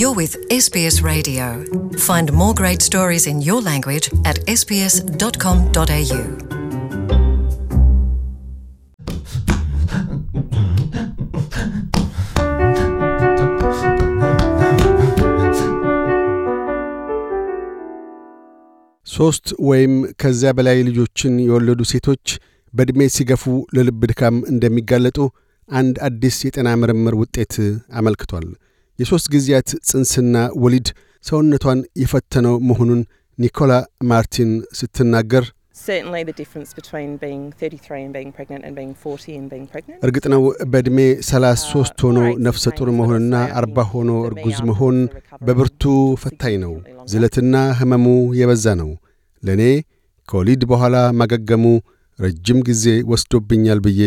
You're with SBS Radio. Find more great stories in your language at sbs.com.au. ሶስት ወይም ከዚያ በላይ ልጆችን የወለዱ ሴቶች በዕድሜ ሲገፉ ለልብ ድካም እንደሚጋለጡ አንድ አዲስ የጤና ምርምር ውጤት አመልክቷል። የሦስት ጊዜያት ጽንስና ወሊድ ሰውነቷን የፈተነው መሆኑን ኒኮላ ማርቲን ስትናገር እርግጥ ነው በዕድሜ 33 ሆኖ ነፍሰ ጡር መሆንና አርባ ሆኖ እርጉዝ መሆን በብርቱ ፈታኝ ነው። ዝለትና ህመሙ የበዛ ነው። ለእኔ ከወሊድ በኋላ ማገገሙ ረጅም ጊዜ ወስዶብኛል ብዬ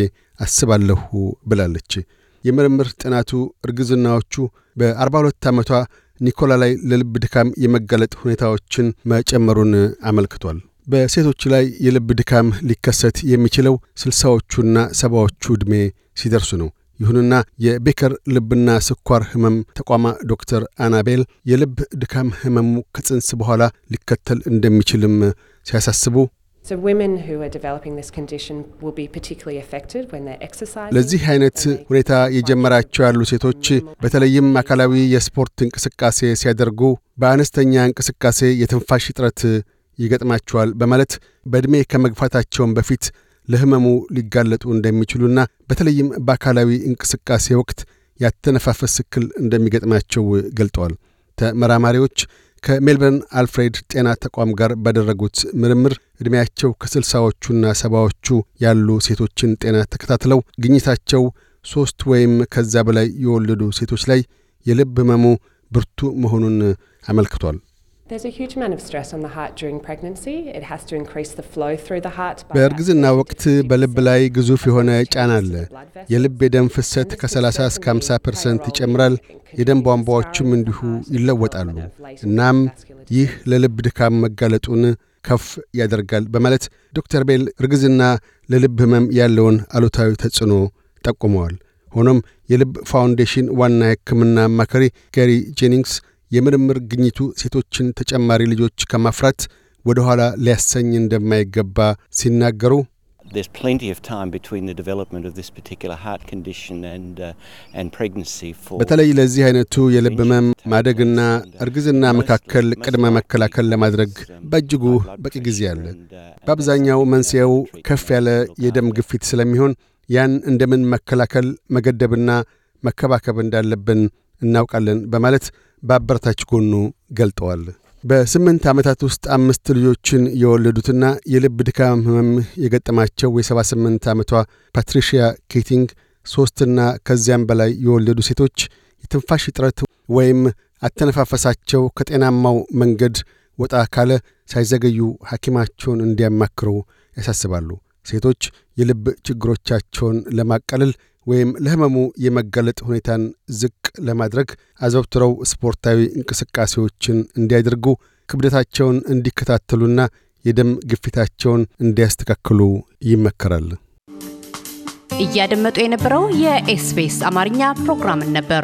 አስባለሁ ብላለች። የምርምር ጥናቱ እርግዝናዎቹ በ42 ዓመቷ ኒኮላ ላይ ለልብ ድካም የመጋለጥ ሁኔታዎችን መጨመሩን አመልክቷል። በሴቶች ላይ የልብ ድካም ሊከሰት የሚችለው ስልሳዎቹና ሰባዎቹ ዕድሜ ሲደርሱ ነው። ይሁንና የቤከር ልብና ስኳር ህመም ተቋማ ዶክተር አናቤል የልብ ድካም ህመሙ ከጽንስ በኋላ ሊከተል እንደሚችልም ሲያሳስቡ ለዚህ አይነት ሁኔታ የጀመራቸው ያሉ ሴቶች በተለይም አካላዊ የስፖርት እንቅስቃሴ ሲያደርጉ በአነስተኛ እንቅስቃሴ የትንፋሽ እጥረት ይገጥማቸዋል በማለት በዕድሜ ከመግፋታቸውን በፊት ለሕመሙ ሊጋለጡ እንደሚችሉና በተለይም በአካላዊ እንቅስቃሴ ወቅት ያተነፋፈስ እክል እንደሚገጥማቸው ገልጠዋል። ተመራማሪዎች ከሜልበርን አልፍሬድ ጤና ተቋም ጋር ባደረጉት ምርምር ዕድሜያቸው ከስልሳዎቹና ሰባዎቹ ያሉ ሴቶችን ጤና ተከታትለው ግኝታቸው ሦስት ወይም ከዛ በላይ የወለዱ ሴቶች ላይ የልብ ህመሙ ብርቱ መሆኑን አመልክቷል። በእርግዝና ወቅት በልብ ላይ ግዙፍ የሆነ ጫና አለ። የልብ የደም ፍሰት ከ30 እስከ 50 ፐርሰንት ይጨምራል። የደም ቧንቧዎችም እንዲሁ ይለወጣሉ። እናም ይህ ለልብ ድካም መጋለጡን ከፍ ያደርጋል በማለት ዶክተር ቤል እርግዝና ለልብ ህመም ያለውን አሉታዊ ተጽዕኖ ጠቁመዋል። ሆኖም የልብ ፋውንዴሽን ዋና የሕክምና አማካሪ ጌሪ ጄኒንግስ የምርምር ግኝቱ ሴቶችን ተጨማሪ ልጆች ከማፍራት ወደ ኋላ ሊያሰኝ እንደማይገባ ሲናገሩ there's plenty of time between the development of this particular heart condition and, uh, and pregnancy for በተለይ ለዚህ አይነቱ የልብ ህመም ማደግና uh, እርግዝና መካከል ቅድመ መከላከል ለማድረግ um, በእጅጉ በቂ ጊዜ አለ። uh, በአብዛኛው መንስኤው ከፍ ያለ የደም ግፊት ስለሚሆን ያን እንደምን መከላከል መገደብና መከባከብ እንዳለብን እናውቃለን በማለት በአበረታች ጎኑ ገልጠዋል። በስምንት ዓመታት ውስጥ አምስት ልጆችን የወለዱትና የልብ ድካም ህመም የገጠማቸው የ78 ዓመቷ ፓትሪሺያ ኬቲንግ ሦስትና ከዚያም በላይ የወለዱ ሴቶች የትንፋሽ እጥረት ወይም አተነፋፈሳቸው ከጤናማው መንገድ ወጣ ካለ ሳይዘገዩ ሐኪማቸውን እንዲያማክሩ ያሳስባሉ። ሴቶች የልብ ችግሮቻቸውን ለማቃለል ወይም ለህመሙ የመጋለጥ ሁኔታን ዝቅ ለማድረግ አዘውትረው ስፖርታዊ እንቅስቃሴዎችን እንዲያደርጉ ክብደታቸውን እንዲከታተሉና የደም ግፊታቸውን እንዲያስተካክሉ ይመከራል። እያደመጡ የነበረው የኤስፔስ አማርኛ ፕሮግራምን ነበር።